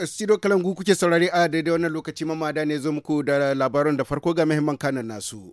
Eh, studio kalangu kuke saurari a daidai wannan lokaci mamada ne zo muku da labaran da farko ga muhimman kanan nasu.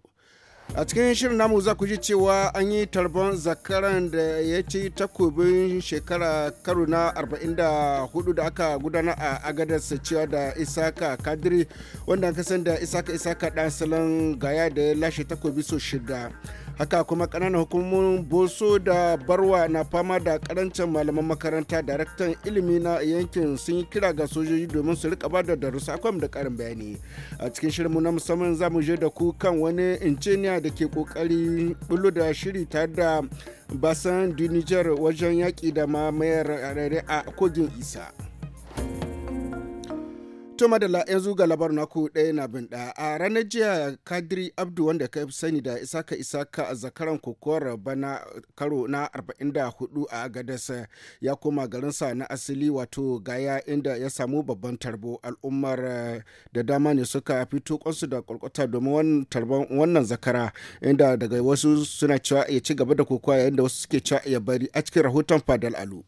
a cikin shirin namu za ku ji cewa an yi tarbon zakaran da ya ci takobin shekara karo na 44 da aka gudana a agadarsa cewa da isaka kadiri wanda an kasan da isaka isaka dan salon gaya da ya lashe takobi so shida haka kuma kananan hukumomin boso da barwa na fama da karancin malaman makaranta daraktan ilimi na yankin sun yi kira ga sojoji domin su rika bada darussa akwai da karin bayani a cikin shirinmu na musamman za mu je da ku kan wani injiniya da ke kokari bulo da shiri tare da basan du niger wajen yaƙi da mamayar a kogin isa To madalla yanzu ga labar naku ɗaya na bin ɗaya a ranar jiya kadiri abdu wanda ka sani da isaka isaka a zakaran kokowar bana karo na 44 a agadas ya koma garinsa na asali wato gaya inda ya samu babban tarbo al'ummar eh, da dama ne suka fito kwansu da kwalkwata domin wannan zakara inda daga wasu suna cewa ya ci gaba da kokowa yayin da wasu suke cewa ya bari a cikin rahoton fadal alu.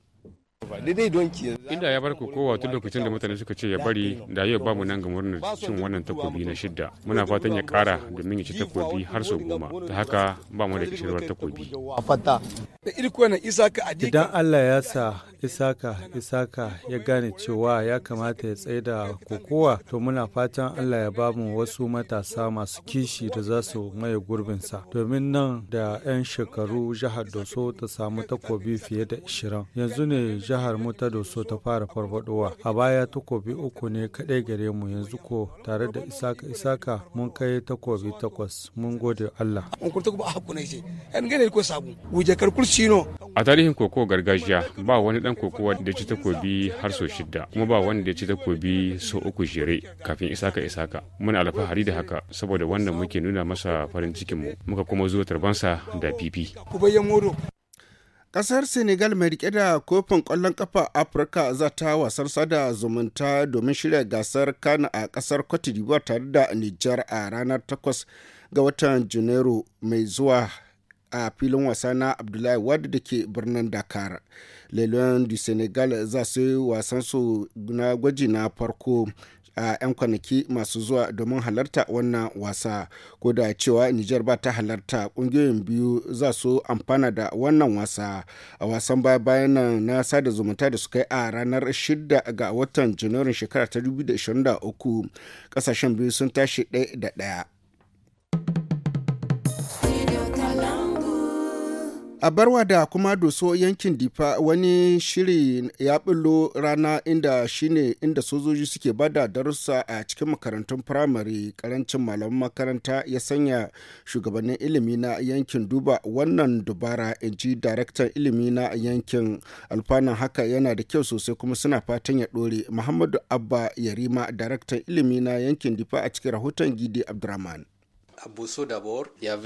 daidai inda ya bar kowa tun lokacin da mutane suka ce ya bari da yau mu nan ga murnar cin wannan takobi na shidda muna fatan ya kara domin ya ci takobi har sau goma ta haka ba mu da kishirwar takobi idan allah ya sa isaka isaka ya gane cewa ya kamata ya tsaye da kokowa to muna fatan allah ya bamu wasu matasa masu kishi da za su maye gurbinsa domin nan da 'yan shekaru jihar doso ta samu takobi fiye da 20 yanzu ne jihar mu ta doso ta fara farfadowa a baya takobi uku ne kaɗai gare mu yanzu ko tare da isaka isaka mun kai takobi takwas mun gode allah a tarihin koko gargajiya ba wani dan kokowa da ci takobi har so shida kuma ba wanda ya ci takobi sau uku jere kafin isaka isaka muna alfahari da haka saboda wannan muke nuna masa farin cikin mu muka kuma zo tarbansa da fifi Ƙasar Senegal mai rike da kofin kwallon ƙafa Afirka za ta wasar sada zumunta domin shirya gasar Kana a ƙasar Cote tare da Nijar a ranar 8 ga watan Janairu mai zuwa a filin wasa na abdullahi wadda da ke birnin dakar lelion du senegal za su wasan su na gwaji na farko a 'yan kwanaki masu zuwa domin halarta wannan wasa ko da cewa nijar ba ta halarta kungiyoyin biyu za su amfana da wannan wasa a wasan baya bayan nan na sada zumunta da suka yi a ranar 6 ga watan janairun shekara ta 2023 kasashen biyu sun tashi ɗaya da ɗaya A barwa da kuma doso yankin Difa wani shiri ya bullo rana inda shine inda sojoji suke bada darussa a cikin makarantun firamare karancin malaman makaranta ya sanya shugabannin ilimi na yankin duba wannan dubara in ji daraktan ilimi na yankin alfanan haka yana da kyau sosai kuma suna fatan ya dore Muhammadu Abba Yarima daraktan ilimi na yankin Difa a cikin rahoton Gidi Abdurrahman. a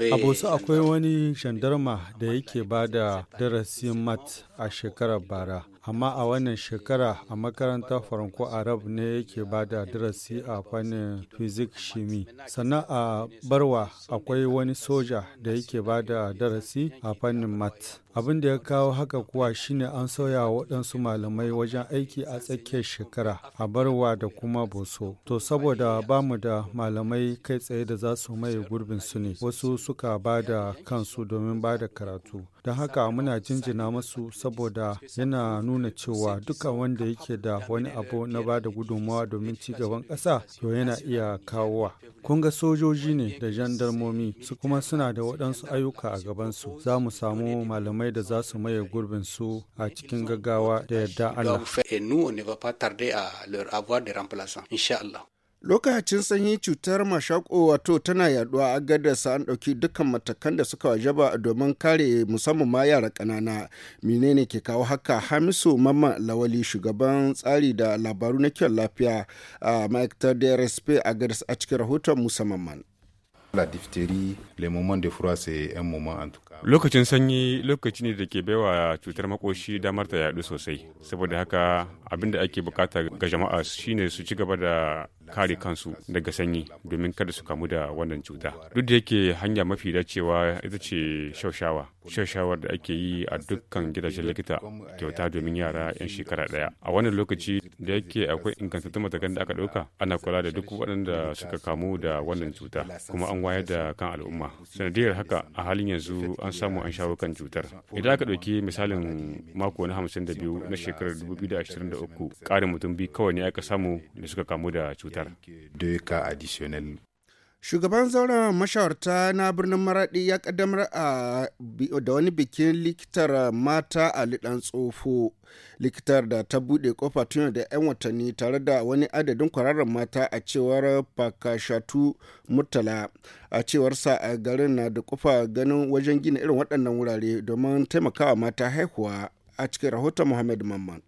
Abuso akwai wani shandarma da yake ba da darasin mat a shekarar bara amma a wannan shekara a makarantar faranko arab ne yake ba da darasi a fannin fizik shimi sannan a barwa akwai wani soja da yake ba da darasi a fannin mat abin da ya kawo haka kuwa shine an sauya waɗansu malamai wajen aiki a tsakiyar shekara a barwa da kuma boso to saboda ba mu da malamai kai tsaye da za su maye gurbin su ne wasu suka ba da kansu domin ba da karatu don haka muna jinjina masu saboda yana nuna nuna cewa duka wanda yake da wani abu na ba da gudunmawa domin ci gaban ƙasa to yana iya kawowa. Kun ga sojoji ne da jandarmomi su kuma suna da waɗansu ayyuka a gabansu. Za mu samu malamai da za su maye gurbin su a cikin gaggawa da yarda Allah. lokacin sanyi cutar mashako wato tana yaduwa a sa an ɗauki dukkan matakan da suka wajaba domin kare musamman ma yara kanana menene ke kawo haka hamisu mamma lawali shugaban tsari da labaru na kiwon lafiya a ma'aikatar drsp a gadar a cikin rahoton musamman La Lokacin sanyi lokaci ne da ke baiwa cutar makoshi damar ta yadu sosai. Saboda haka abinda ake bukata ga jama'a shine su ci gaba da kare kansu daga sanyi domin kada su kamu da wannan cuta duk da yake hanya mafi dacewa ita ce shaushawa shashawar da ake yi a dukkan gidajen likita kyauta domin yara 'yan shekara ɗaya. A wannan lokaci da yake akwai ingantattun matakan da aka ɗauka ana kula da duk waɗanda suka kamu da wannan cuta kuma an wayar da kan al'umma. Sanadiyar haka a halin yanzu an samu an shawo kan cutar. Idan aka ɗauki misalin mako na hamsin da biyu na shekarar uku ƙarin mutum biyu kawai ne aka samu da suka kamu da cutar. shugaban zauren mashawarta na birnin maradi ya kaddamar da wani bikin likitar mata a lidan tsofo likitar da ta buɗe kofa tun da 'yan watanni tare da wani adadin kwararren mata a cewar fakashatu murtala a cewar sa a garin na da kofa ganin wajen gina irin waɗannan wurare domin taimakawa mata haihuwa a cikin rahoton muhammad mamman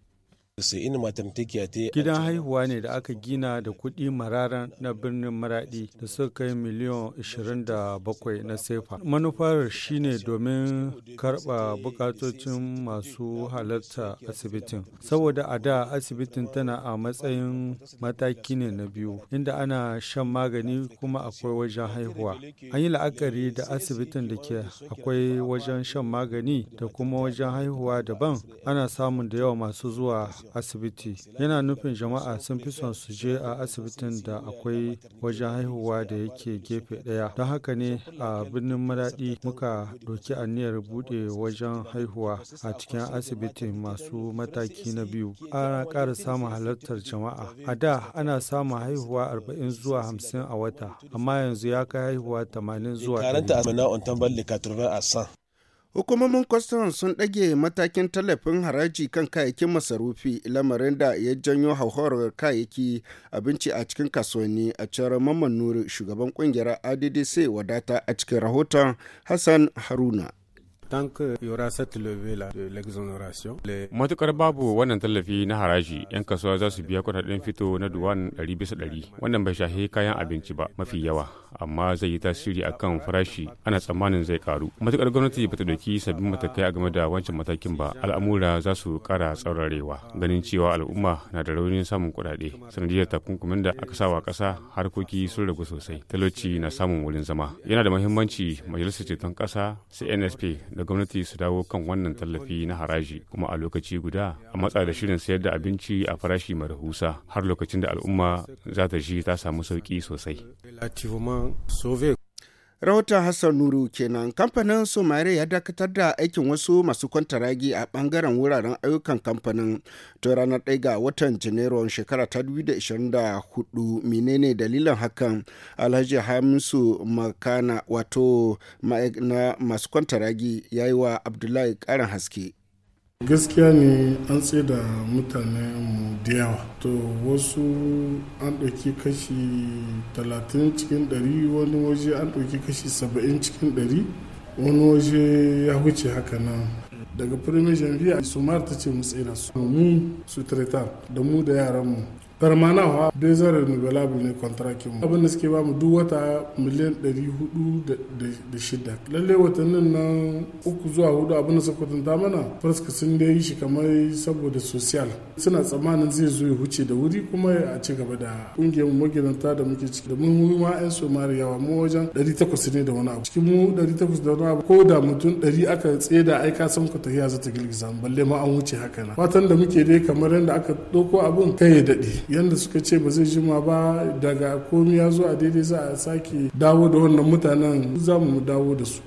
Gidan haihuwa ne da aka gina da kuɗi mararan na birnin maraɗi da suka kai miliyan 27 na sefa. Manufar shine domin karɓa bukatocin masu halarta asibitin. Saboda a da asibitin tana a matsayin mataki ne na biyu, inda ana shan magani kuma akwai wajen haihuwa. An yi la'akari da asibitin da ke akwai wajen shan magani da kuma wajen haihuwa daban ana samun da yawa masu zuwa asibiti yana nufin jama'a sun fi son su je a asibitin da akwai wajen haihuwa da yake gefe ɗaya don haka ne a birnin maraɗi muka doki aniyar bude wajen haihuwa a cikin asibiti masu mataki na biyu ana ƙara samun halartar jama'a a da ana samun haihuwa 40 zuwa 50 a wata amma yanzu ya kai haihuwa 80 zuwa 100 Hukumomin kwastam sun ɗage matakin tallafin haraji kan kayayyakin masarufi lamarin da ya janyo hauhawar kayayyaki abinci a cikin kasuwanni a cewar Mamman Nuri shugaban kungiyar ADDC wadata a cikin rahoton Hassan Haruna. tant que y aura cette levée là de l'exonération matukar babu wannan tallafi na haraji yan kasuwa za su biya kudaden fito na duwan 100 bisa wannan bai shahe kayan abinci ba mafi yawa amma zai yi tasiri akan farashi ana tsammanin zai karu matukar gwamnati bata doki sabbin matakai a game da wancan matakin ba al'amura za su kara tsaurarewa ganin cewa al'umma na da raunin samun kudade sanadiyar takunkumin da aka sawa kasa harkoki sun ragu sosai talauci na samun wurin zama yana da muhimmanci majalisar ceton kasa cnsp da gwamnati su dawo kan wannan tallafi na haraji kuma a lokaci guda a matsa da shirin sayar da abinci a farashi mai rahusa har lokacin da al'umma za ta ji ta samu sauki sosai. rahoton hassan nuru kenan kamfanin somare ya dakatar da aikin wasu masu kwantaragi a bangaren wuraren ayyukan kamfanin to ranar 1 ga watan janairun shekara ta 2024 menene dalilin hakan alhaji hamisu makana wato na masu kwantaragi ya yi wa abdullahi karin haske gaskiya ne an tsaye da mutane mu da yawa to wasu an ɗauki kashi 30 cikin 100 wani waje an ɗauki kashi 70 cikin 100 wani waje ya wuce haka nan daga jamfiya su mara ta ce mu tsira su mu su da mu da yaran mu permanent wa deux renewable ne contract mu abin da suke ba mu duk wata miliyan 406 lalle watannin nan uku zuwa hudu abin da suka kwatanta mana farska sun da yi shi kamar saboda social suna tsammanin zai zo ya huce da wuri kuma a ci gaba da kungiyar magidanta da muke ciki da mun ma yan somari yawa mu wajen 800 ne da wani abu cikin mu 800 da wani abu ko da mutum 100 aka tsaye da ai ka san ku tafiya za ta girgiza balle ma an wuce haka na fatan da muke dai kamar yadda aka ɗauko abin kai ya daɗe yadda suka ce ba zai jima ba daga komi ya zo a daidai za a sake dawo da wannan mutanen za mu dawo da su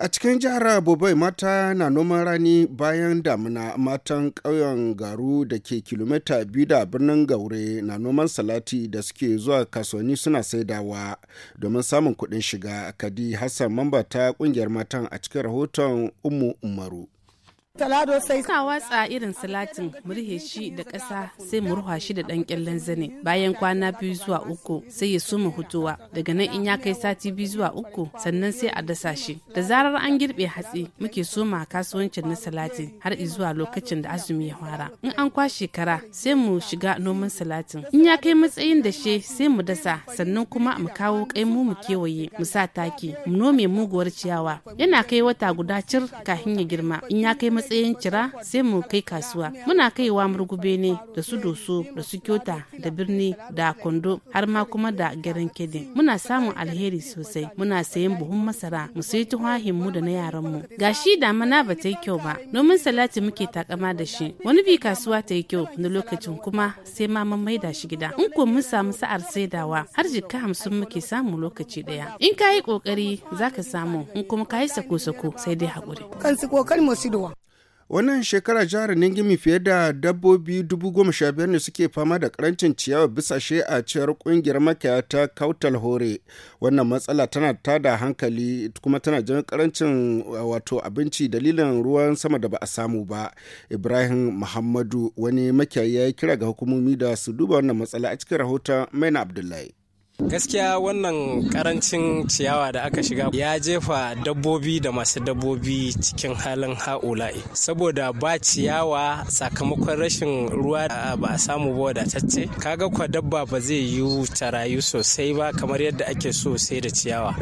A cikin jihar Bobai mata na noman rani bayan damuna matan ƙauyen garu da ke kilomita biyu da birnin gaure na noman salati da suke zuwa kasuwanni suna saidawa domin samun kuɗin shiga. Kadi Hassan mamba ta ƙungiyar matan a cikin rahoton umu Umaru. talado sai suna watsa irin salatin mu rihe shi da ƙasa sai mu ruha shi da ɗan ƙyallen zane bayan kwana biyu zuwa uku sai ya suma hutuwa daga nan in ya kai sati biyu zuwa uku sannan sai a dasa shi da zarar an girbe hatsi muke soma kasuwancin na salatin har zuwa lokacin da azumi ya fara in an kwashe kara sai mu shiga noman salatin in ya kai matsayin da she sai mu dasa sannan kuma mu kawo kai mu mu kewaye mu sa taki mu nome muguwar ciyawa yana kai wata guda cir kafin ya girma in ya kai matsayin cira sai mu kai kasuwa muna kaiwa murgube ne da su doso da su kyota da birni da kondo har ma kuma da garin kedin muna samun alheri sosai muna sayan buhun masara mu sayi tuhahin mu da na yaran mu gashi da mana ba ta yi kyau ba noman salati muke takama da shi wani bi kasuwa ta yi kyau na lokacin kuma sai ma mun maida shi gida in ko mun samu sa'ar saidawa har jikka hamsin muke samu lokaci daya in ka yi kokari zaka samu in kuma ka yi sako-sako sai dai hakuri kan su kokari masu wannan shekara jihar ningimi fiye da dabbobi dubu goma sha biyar ne suke fama da karancin ciyawa bisa bisashe a ciyar kungiyar makaya ta kautal hore wannan matsala tana tada hankali kuma tana jan karancin wato abinci dalilin ruwan sama da ba a samu ba ibrahim muhammadu wani makiyayi ya yi kira ga hukumomi da su duba wannan matsala a cikin rahoton maina abdullahi Gaskiya wannan karancin ciyawa da aka shiga ya jefa dabbobi da masu dabbobi cikin halin ha'ula'i. Saboda ba ciyawa sakamakon rashin ruwa ba a samu ba wadatacce, kaga kwa dabba ba zai yi ta rayu sosai ba kamar yadda ake so sai da ciyawa.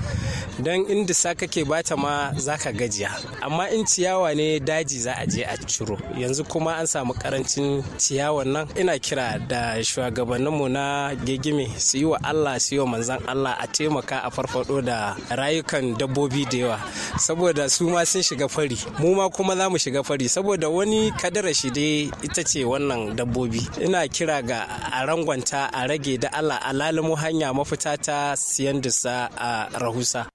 Don inda sa kake bata ma za ka gajiya. Amma in ciyawa ne daji za a je a ciro. Yanzu kuma an samu karancin ciyawan nan ina kira da shugabanninmu na gegime su yi wa Allah siyo manzan Allah a taimaka a farfado da rayukan dabbobi da yawa saboda su ma sun shiga fari mu ma kuma za mu shiga fari saboda wani kadara shi dai ita ce wannan dabbobi ina kira ga a rangwanta a rage da Allah a lalimu hanya mafita ta siyan dusa a rahusa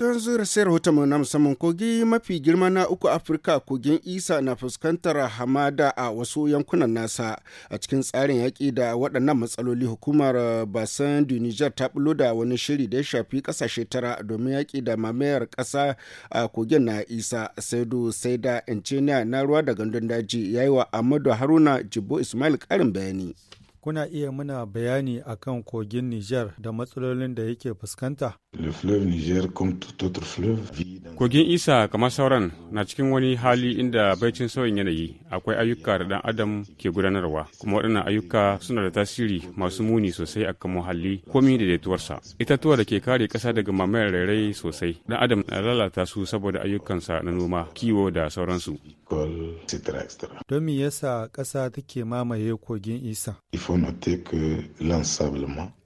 Tun zura sayar mu na musamman kogi mafi girma na uku Afirka kogin Isa na fuskantar hamada a wasu yankunan nasa a cikin tsarin yaƙi da waɗannan matsaloli hukumar Basan du ta bulo da wani shiri da ya shafi ƙasashe tara domin yaƙi da mamayar ƙasa a kogin na Isa Saidu Saida Injiniya na ruwa da gandun daji ya yi wa Amadu Haruna Jibo Ismail ƙarin bayani. Kuna iya muna bayani akan kogin Niger da matsalolin da yake fuskanta? Kogin Isa kamar sauran na cikin wani hali inda baicin sauyin yanayi akwai ayyuka da ɗan adam ke gudanarwa kuma waɗannan ayyuka suna da tasiri masu muni sosai a kan muhalli komi da daituwarsa. Itatuwa da ke kare ƙasa daga mamayar rairai sosai ɗan adam na lalata su saboda ayyukansa na noma kiwo da sauransu. Don me yasa ƙasa take mamaye kogin Isa?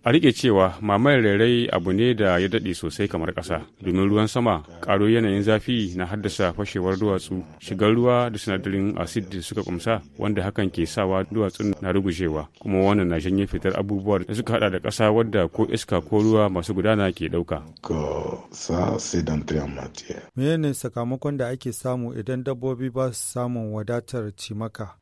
a rike cewa mamayar rairai abu ne da ya daɗe sosai kamar ƙasa domin ruwan sama ƙaro yanayin zafi na haddasa fashewar duwatsu shigar ruwa da sinadarin acid da suka kumsa wanda hakan ke sawa duwatsun na rugujewa kuma wannan na janye fitar abubuwa da suka hada da ƙasa wadda ko iska ko ruwa masu gudana ke ɗauka. menene sakamakon da ake samu idan dabbobi ba su samun wadatar cimaka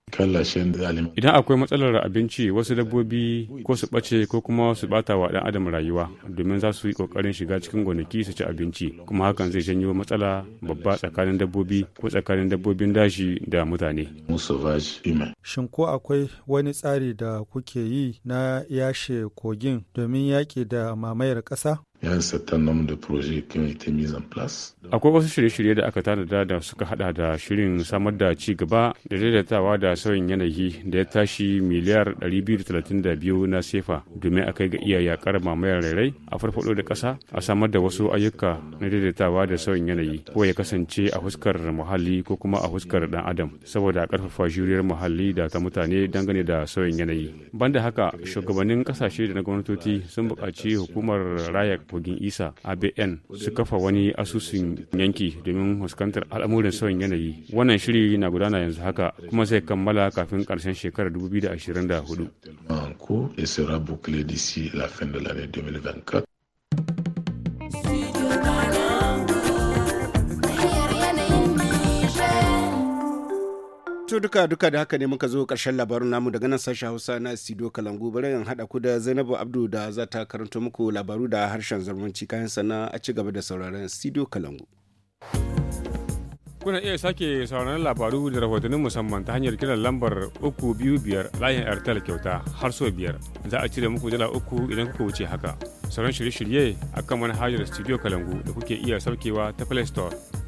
Idan akwai matsalar abinci wasu dabbobi ko su ɓace ko kuma su ɓata wa ɗan adam rayuwa domin za su yi ƙoƙarin shiga cikin gonaki su ci abinci kuma hakan zai janyo matsala babba tsakanin dabbobi ko tsakanin dabbobin dashi da mutane. Shin ko akwai wani tsari da kuke yi na yashe kogin domin yaƙi da mamayar ƙasa? il y a un certain nombre de projets qui ont été mis en place. Akwai wasu shirye-shirye da aka tanada da suka hada da shirin samar da ci gaba da daidaitawa da sauyin yanayi da ya tashi miliyar 232 na sefa domin a kai ga iya yakar mamayar rairai a farfado da ƙasa a samar da wasu ayyuka na daidaitawa da sauyin yanayi ko ya kasance a fuskar muhalli ko kuma a fuskar dan adam saboda a karfafa juriyar muhalli da ta mutane dangane da sauyin yanayi. Banda haka shugabannin kasashe da na gwamnatoci sun buƙaci hukumar raya kogin isa abn su kafa wani asusun yanki domin fuskantar al'amuran sauyin yanayi wannan shiri na gudana yanzu haka kuma zai kammala kafin karshen shekarar 2024 To duka duka da haka ne muka zo karshen labarin namu daga nan sashen Hausa na Sido Kalangu bari in haɗa ku da Zainabu Abdu da za ta karanto muku labaru da harshen zamanci kayan sana a ci gaba da sauraron Sido Kalangu. Kuna iya sake sauraron labaru da rahotannin musamman ta hanyar kiran lambar 325 layin Airtel kyauta har so biyar. Za a cire muku dala uku idan kuka wuce haka. Sauran shirye-shirye akan manhajar Studio Kalangu da kuke iya saukewa ta Play Store.